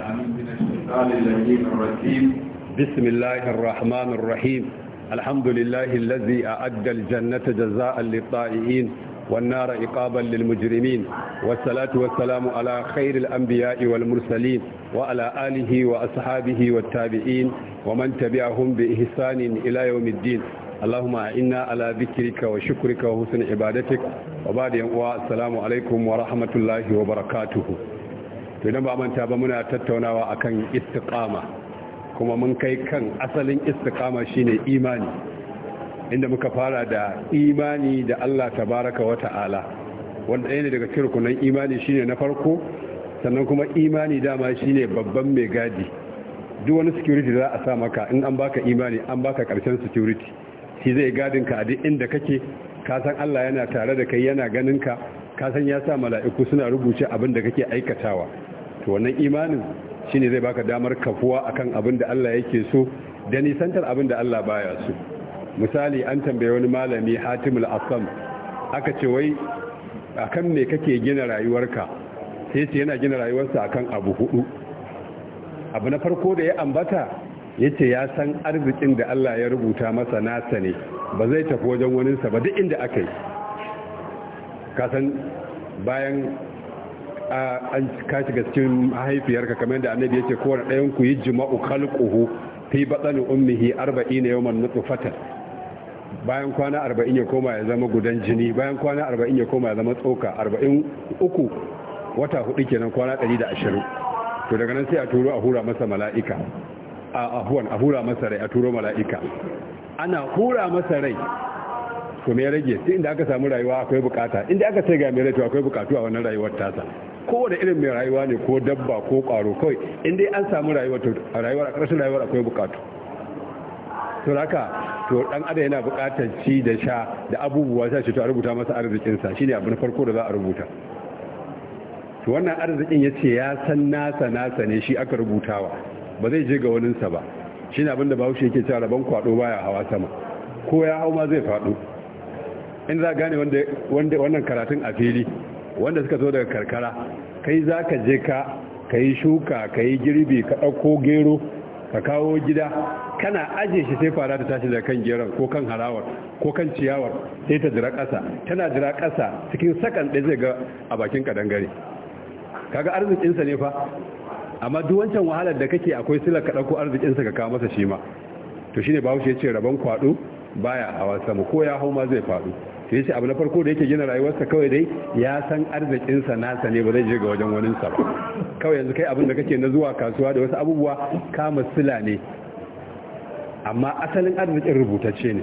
العليم من الشيطان اللعين الرجيم بسم الله الرحمن الرحيم الحمد لله الذي أعد الجنة جزاء للطائعين والنار إقابا للمجرمين والصلاة والسلام على خير الأنبياء والمرسلين وعلى آله وأصحابه والتابعين ومن تبعهم بإحسان إلى يوم الدين اللهم إنا على ذكرك وشكرك وحسن عبادتك وبعد السلام عليكم ورحمة الله وبركاته to idan ba manta ba muna tattaunawa akan istiqama kuma mun kai kan asalin istiqama shine imani inda muka fara da imani da Allah tabaraka wa ta'ala wanda ɗaya ne daga cikin rukunan imani shine na farko sannan kuma imani dama shine babban mai gadi duk wani security za a sa maka in an baka imani an baka karshen security shi zai gadin ka a duk inda kake ka san Allah yana tare da kai yana ganin ka ka san ya sa mala'iku suna rubuce abin da kake aikatawa to wannan imanin shine zai baka damar kafuwa akan abin da Allah yake so da nisantar abin da Allah baya so misali an tambaye wani malami Hatimul assam aka ce wai akan me kake gina rayuwarka sai ce yana gina rayuwarsa akan abu hudu abu na farko da ya ambata yace ya san arzikin da Allah ya rubuta masa nasa ne ba zai tafi wajen waninsa ba duk inda aka yi kasan bayan an ka shiga cikin mahaifiyarka kamar yadda annabi yace kowane ɗayan ku yi jima'u khalquhu fi batsani ummihi 40 nutsu nutfatan bayan kwana arba'in ya koma ya zama gudan jini bayan kwana arba'in ya koma ya zama tsoka arba'in uku wata hudu kenan kwana ɗari da ashirin. to daga nan sai a turo a hura masa mala'ika a ahuwan a hura masa rai a turo mala'ika ana hura masa rai to me rage sai inda aka samu rayuwa akwai bukata inda aka sai ga mai rai to akwai bukatu a wannan rayuwar tasa kowane irin mai rayuwa ne ko dabba ko ƙwaro kawai inda an samu rayuwar a ƙarshen rayuwar akwai bukatu to haka to dan ada yana bukatar ci da sha da abubuwa sa ce to a rubuta masa arzikinsa shi abu na farko da za a rubuta to wannan arzikin ya ce ya san nasa nasa ne shi aka rubutawa ba zai je ga waninsa ba shine abin da Bahaushe yake cewa rabon kwado baya hawa sama ko ya hau ma zai faɗo in za gane wannan karatun a fili wanda suka zo daga karkara kai za ka je ka ka yi shuka ka yi girbi ka ɗauko gero ka kawo gida kana aje shi sai fara ta tashi daga kan geron ko kan harawar ko kan ciyawar sai ta jira ƙasa tana jira ƙasa cikin sakan ɗaya zai ga a bakin kadangare kaga arzikinsa ne fa amma duk wancan wahalar da kake akwai silar ka ɗauko arzikinsa ka kawo masa shi ma to shine bahaushe ya ce rabon kwaɗo baya hawa sama ko ya hau ma zai faɗo to yace abu na farko da yake gina rayuwarsa kawai dai ya san arzikinsa nasa ne ba zai je ga wajen waninsa ba kawai yanzu kai abin da kake na zuwa kasuwa da wasu abubuwa kama sila ne amma asalin arzikin rubutacce ne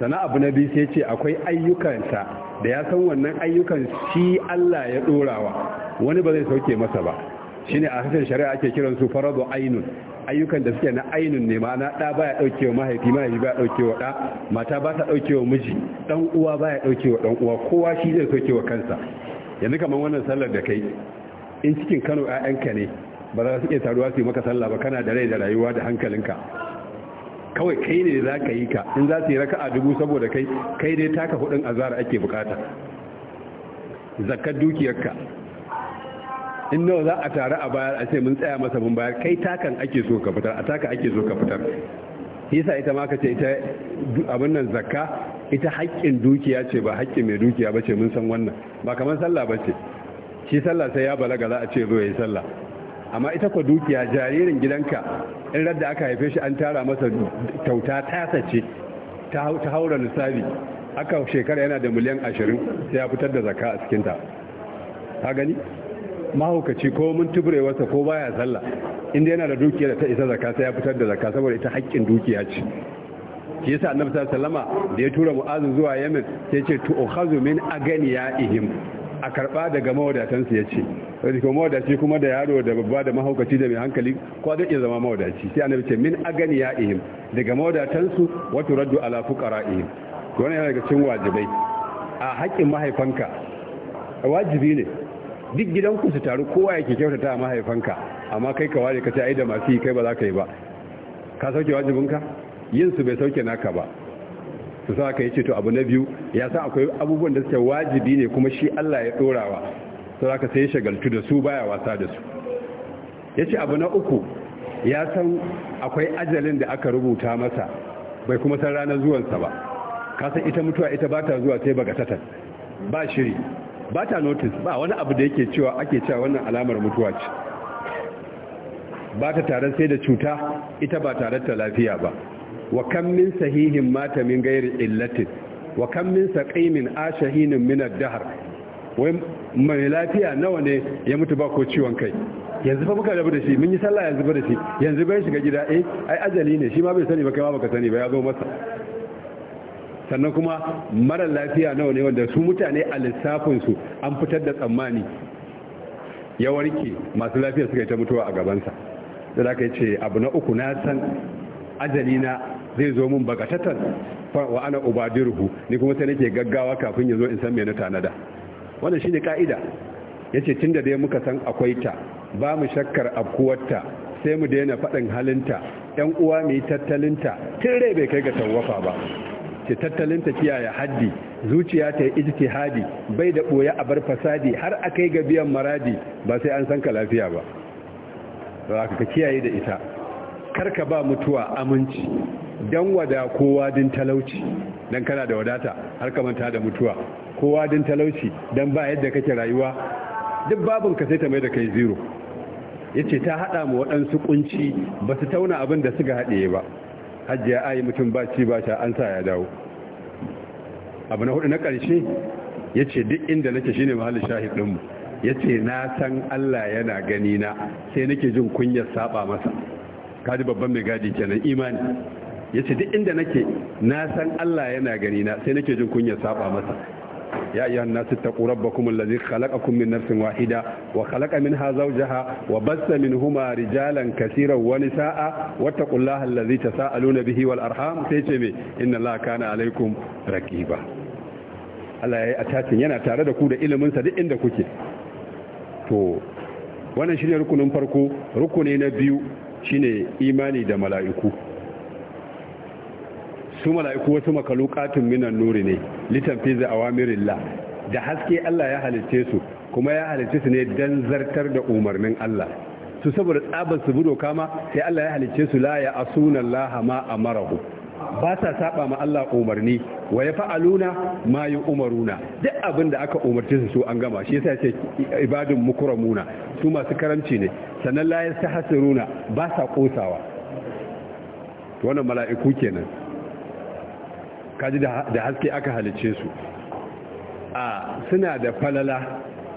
sana abu na biyu sai ce akwai ayyukansa da ya san wannan ayyukan shi Allah ya dorawa wani ba zai sauke masa ba shine a hasashen shari'a ake kiran su faradu ainun ayyukan da suke na ainun ne ma'ana ba ya ɗauke wa mahaifi mahaifi ba ya ɗauke wa ɗa mata ba ta ɗauke wa miji ɗan uwa ba ya ɗauke wa ɗan uwa kowa shi zai dauke wa kansa yanzu kaman wannan sallar da kai in cikin Kano ƴaƴanka ne ba za su iya taruwa su yi maka sallah ba kana da rai da rayuwa da hankalinka kawai kai ne za ka yi ka in za su yi raka a dubu saboda kai kai dai taka hudun azara ake bukata zakkar dukiyarka in nawa za a tare a bayar a ce mun tsaya masa mun bayar kai takan ake so ka fitar a taka ake so ka fitar yasa ita ma ka ce ita abin nan zakka ita haƙƙin dukiya ce ba haƙƙin mai dukiya ba ce mun san wannan ba kamar sallah ba ce shi sallah sai ya balaga za a ce zo ya yi sallah amma ita kwa dukiya jaririn gidanka in radda aka haife shi an tara masa kyauta tasa ce ta haura nisabi aka shekara yana da miliyan ashirin sai ya fitar da zakka a cikin ta ka gani mahaukaci ko mun tuburewarsa ko baya sallah inda yana da dukiya da ta isa zakka sai ya fitar da zakka saboda ita haƙƙin dukiya ce shi yasa annabi sallama da ya tura mu'azu zuwa yamin sai ce ukhazu min agani ya ihim a karba daga mawadatansu ya ce wani kuma mawadaci kuma da yaro da babba da mahaukaci da mai hankali ko zai iya zama mawadaci sai annabi ce min agani ya ihim daga mawadatansu wato turaddu ala fuqara ihim to wannan yana daga cikin wajibai a haƙƙin mahaifanka wajibi ne duk gidan gidanku su taru kowa yake kyautata a mahaifanka amma kai ka ware ka ce ai da masu yi kai ba za ka yi ba ka sauke wajibinka yin su bai sauke naka ba su sa ka yi ce abu na biyu ya san akwai abubuwan da suke wajibi ne kuma shi Allah ya dorawa sai zaka sai shagaltu da su baya wasa da su ya ce abu na uku ya san akwai ajalin da aka rubuta masa bai kuma san ranar zuwansa ba ka san ita mutuwa ita ba ta zuwa sai tatan ba shiri ba ta notice ba wani abu da yake cewa ake cewa wannan alamar mutuwa ce ba ta tare sai da cuta ita ba tare ta lafiya ba wa kan min sahihin mata min gairi illatin wa kan min saqimin ashahinin min ad-dahr wai mai lafiya nawa ne ya mutu ba ko ciwon kai yanzu fa muka rabu da shi mun yi sallah yanzu ba da shi yanzu bai shiga gida eh ai ajali ne shi ma bai sani ba kai ma baka sani ba ya zo masa sannan kuma mara lafiya nawa ne wanda su mutane a lissafinsu an fitar da tsammani ya warke masu lafiya suka yi ta mutuwa a gabansa da za ka ce abu na uku na san ajali na zai zo mun bagatatan wa ana ubadirhu ni kuma sai nake gaggawa kafin ya zo in san me na tanada wannan shine ka'ida yace tunda dai muka san akwai ta ba mu shakkar abkuwarta sai mu daina faɗin halinta ‘yan uwa mai tattalinta tun rai bai kai ga tawafa ba mace tattalin ta kiyaye haddi zuciya ta yi ijtihadi bai da boye a bar fasadi har a kai ga biyan maradi ba sai an san ka lafiya ba ba ka kiyaye da ita kar ka ba mutuwa aminci dan wada kowa din talauci dan kana da wadata har ka manta da mutuwa kowa din talauci dan ba yadda kake rayuwa duk babin ka sai ta mai da kai zero yace ta haɗa mu waɗansu ƙunci ba su tauna abin da suka haɗe ba ya ayi mutum ba ci ba ta an sa ya dawo abu na hudu na ƙarshe ya ce duk inda nake shine mahallin shahidinmu ya ce na san allah yana ganina sai nake jin kunyar saba masa kaji babban mai gadi kenan imani ya ce duk inda nake na san allah yana ganina sai nake jin kunyar saba masa يا أيها الناس اتقوا ربكم الذي خلقكم من نفس واحدة وخلق منها زوجها وبث منهما رجالا كثيرا ونساء واتقوا الله الذي تساءلون به والأرحام تيتمي إن الله كان عليكم ركيبا Allah ya yi a tatin yana tare da ku da iliminsa duk inda kuke to wannan shine rukunin farko rukuni na biyu shine imani da mala'iku su mala'iku wasu makalukatun minan nuri ne litan fiza awamirillah da haske Allah ya halice su kuma ya halice su ne dan zartar da umarnin Allah su saboda tsabar su budo kama sai Allah ya halicce su la ya asuna Allah ma Marahu, ba sa saba ma Allah umarni wa ya fa'aluna ma yi umaruna duk abin da aka umarce su an gama shi yasa ce ibadun mukuramuna su masu karamci ne sannan la yastahsiruna ba sa kosawa wannan mala'iku kenan kaji da haske aka halice su a suna da falala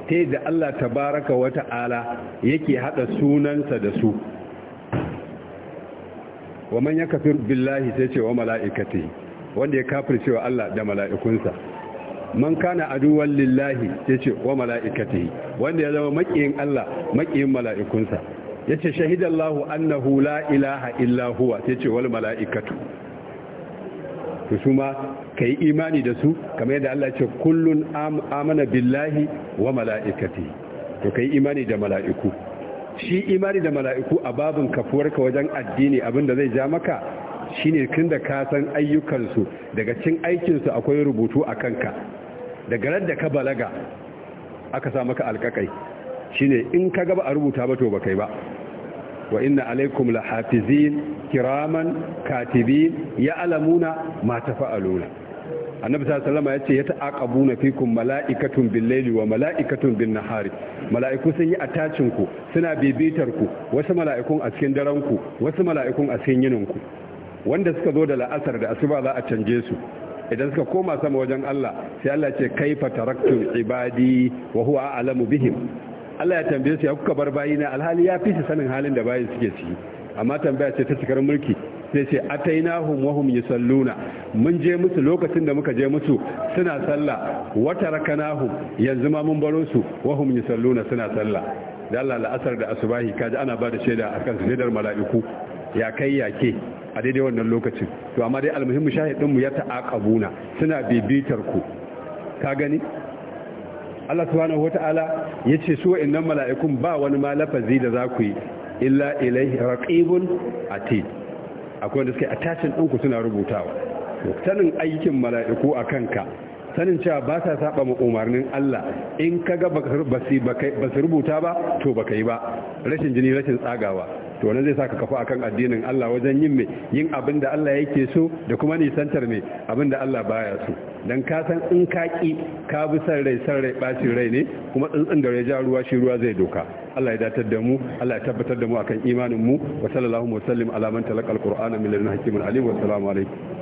ta da Allah tabaraka wata ala yake hada sunansa da su wa man yakfir billahi sai ce wa mala'ikati wanda ya kafir cewa Allah da mala'ikunsa man kana aduwan lillahi sai ce wa mala'ikati wanda ya zama maƙiyin Allah maƙiyin mala'ikunsa ya ce shahidallahu annahu la ilaha illa huwa ce wal mala'ikatu to su ma ka yi imani da su kamar yadda Allah ce kullun amana billahi wa mala'ikati to ka yi imani da mala'iku shi imani da mala'iku a babin kafuwarka wajen addini abinda zai ja maka shine tun da ka san ayyukansu daga cin aikinsu akwai rubutu a kanka daga da ka balaga aka sa maka alƙaƙai shine in ka gaba a rubuta ba to ba kai ba wa inna alaikum la hafizin kiraman katibin ya alamuna ma tafa'aluna annabi sallallahu alaihi yace yata'aqabuna fikum mala'ikatun bil-laili wa mala'ikatun bin-nahari mala'iku sun yi attachin ku suna bibitar ku wasu mala'ikun a cikin daren ku wasu mala'ikun a cikin yinin ku wanda suka zo da la'asar da asuba za a canje su idan suka koma sama wajen Allah sai Allah ce kaifa taraktu ibadi wa huwa a'lamu bihim Allah ya tambaye su ya kuka bar bayi na alhali ya fi su sanin halin da bayin suke ciki amma tambaya ce ta cikar mulki sai ce atainahum wa hum yusalluna mun je musu lokacin da muka je musu suna sallah wa tarakanahum yanzu ma mun baro su wa hum yusalluna suna sallah da Allah da asubahi kaji ana ba da shaida akan shaidar mala'iku ya kai ya ke a daidai wannan lokacin to amma dai almuhimmi shahidin mu ya ta'aqabuna suna bibitar ku ka gani Allah subhanahu wata'ala yace su wa'annan mala'ikun ba wani ma lafazi da za ku yi illa ilaihi raqibun atid akwai wanda suke attachin din ku suna rubutawa sanin aikin mala'iku a kanka sanin cewa ba sa saba ma umarnin Allah in kaga ba su rubuta ba to baka yi ba rashin jini rashin tsagawa to wannan zai saka kafa akan addinin Allah wajen yin me yin abin da Allah yake so da kuma nisantar mai abin da Allah baya so dan ka san in ka ki ka bi san rai san rai bacin rai ne kuma tsuntsun da ja ruwa shi ruwa zai doka Allah ya datar da mu Allah ya tabbatar da mu akan imanin mu wa sallallahu wa sallim ala man talaqa min al-hakim alim wa assalamu alaikum